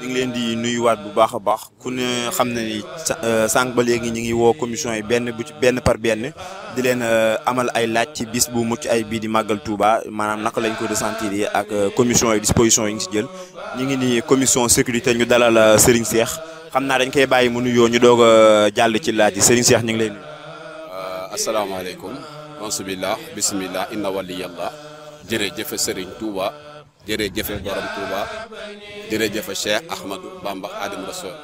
ñu ngi leen di nuyuwaat bu baax a baax ku ne xam ne ni euh, sànq ba léegi ñu ngi woo commission yi benn bu benn par benn di leen euh, amal ay laaj ci bis bu mucc ay bii di màggal Touba maanaam naka lañ ko ressentir yi ak euh, commission yi disposition yi ngi si jël ñu ngi ni commission sécurité ñu dalal Serigne Cheikh xam naa dañ koy bàyyi mu nuyoo ñu doog a jàll ci laaj yi Serigne Cheikh ñu ngi lay nuyu. asalaamaaleykum. alhamdulilah bisimilah inna waliyallah jërëjëf Serigne Touba. jërëjëfe borom Touba jërëjëfe Cheikh Ahmadou Bamba Xaadimu Rasuul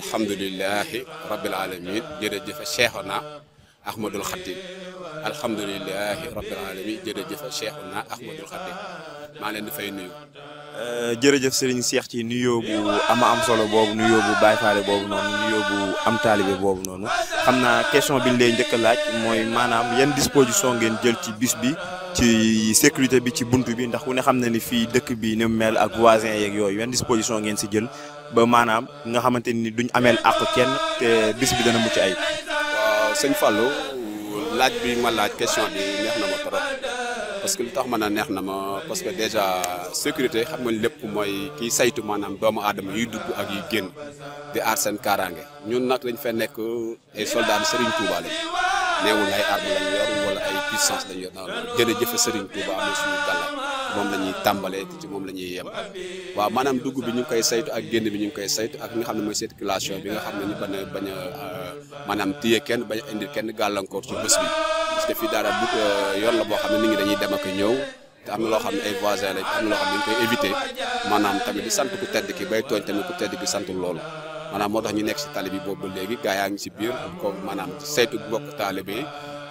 alhamdulilahi rabbil alamin jërëjëfe Cheikhona ahmadul xadim alhamdulilahi rabbil alamin jërëjëf cheikhuna ahmadul xadim maa leen di fay nuyu euh, jërëjëf sëriñ Cheikh ci nuyoo bu ama am solo boobu nuyoo bu Baay Faale boobu noonu nuyoo bu am taalibe boobu noonu xam naa question bi ñu lay njëkk a laaj mooy maanaam yan disposition ngeen jël ci bis bi ci sécurité bi ci bunt bi ndax ku ne xam na ni fii dëkk bi ni mu mel ak voisin yeeg yooyu yan disposition ngeen si jël ba maanaam nga xamante ni duñ ameel àq kenn te bis bi dana mucc ay waaw sëñ laaj bi ma laaj question bi neex na ma parce que lu tax ma a neex na ma parce que déjà sécurité xam nga lépp mooy kiy saytu maanaam doomu aadama yuy dugg ak yuy génn di aar seen kaaraange ñun nag dañ fee nekk ay soldats Serigne Touba lañ neewul ay armes lañ ay puissance lañ yor naan jërëjëf Serigne Touba suñu gàllankoor. moom la ñuy tàmbalee ci moom la ñuy yem waaw maanaam dugg bi ñu ngi koy saytu ak génn bi ñu ngi koy saytu ak li nga xam ne mooy circulation bi nga xam ne euh, maanaam téye kenn bañ indi kenn gàllankoor ci bés fii daara bu euh, yoon la boo xam ne nit ñi dañuy dem ak ñëw am na loo xam ne ay voisins lañ koy éviter maanaam tamit di sant ku tedd ki bay tooñ tamit ku tedd ki santul maanaam moo tax ñu nekk si tali bi boobu ba léegi gaa yaa ngi si biir ko maanaam saytu bokk taalibe yi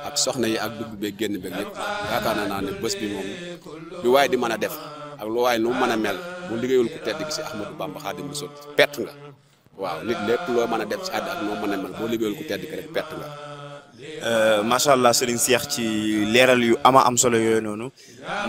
ak soxna yi ak dugg bee génn beeg yëpp yaakaar naa ne bés bi moom lu waaye di mën a def ak lu waaye nu mën a mel bu liggéeyul ku tedd gi si Ahmadou Bamba Xaadimu Rasuul pett nga waaw nit lekk loo mën a def si àdd ak noo mën a mel boo liggéeyul ku tedd gi rek pett nga Euh, macha allah Serigne Cheikh ci leeral yu ama am solo yooyu noonu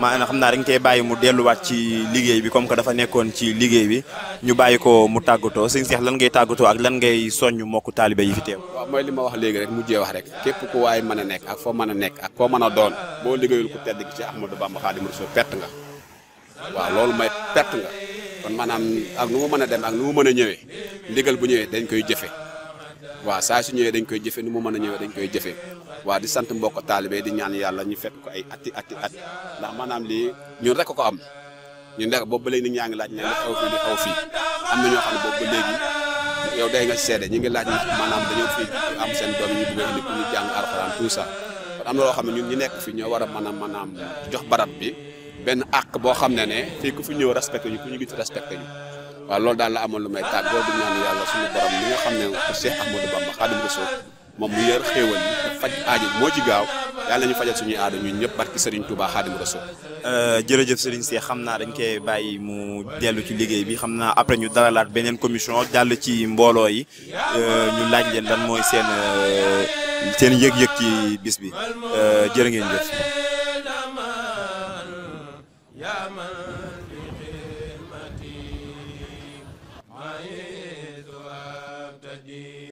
maanaam xam naa dañ koy bàyyi mu delluwaat ci liggéey bi comme que dafa nekkoon ci liggéey bi ñu bàyyi ko mu tàggatoo Serigne seex lan ngay tàggatoo ak lan ngay soññ mbokku taalibe yi fi teew. waaw mooy li ma wax léegi rek mu mujjee wax rek képp ku waaye mën a nekk ak foo mën a nekk ak koo mën a doon boo liggéeyul ku tedd gi ci Ahmadou Bamba Xaadimu Rasuul perte nga waaw loolu mooy perte nga kon maanaam ak nu mu mën a dem ak nu mu mën a ñëwee ndigal bu ñëwee dañ koy jëfe waaw saa su ñëwee dañ koy jëfe nu mu mën a ñëwee dañ koy jëfe waaw di sant mbokk taalibe di ñaan yàlla ñu fekk ko ay atti atti at ndax maanaam lii ñun rek ko am ñun rek boobu ba léegi nit laaj ne li xew fii li xew fii am na ñoo xam ne boobu ba léegi yow day nga seede ñi ngi laaj ne maanaam dañoo fi am seen doom ñu bëgg indi pour ñu jàng alxuraan tout ça kon am na loo xam ñun ñi nekk fii ñoo war a mën jox barab bi benn àq boo xam ne ne fii ku fi ñëw respecté ñu ku ñu gis respecté ñu waaw loolu daal la amoon lu may tàggoo di ñaan yàlla suñu borom li nga xam ne pour Cheikh Ahmadou Bamba Xaadimu Rasuul moom mu yër xéewal yi te faj aajo moo ci gaaw yàlla ñu fajal suñuy aada ñu ñëpp barki Serigne Touba Xaadimu Rasuul. Euh, jërëjëf sëriñ Cheikh xam naa dañ koy bàyyi mu dellu ci liggéey bi xam naa après ñu dalalaat beneen commission jàll ci mbooloo yi euh, ñu laaj leen lan mooy seen euh, seen yëg-yëg ci bis bi jërë ngeen jëf. Aye.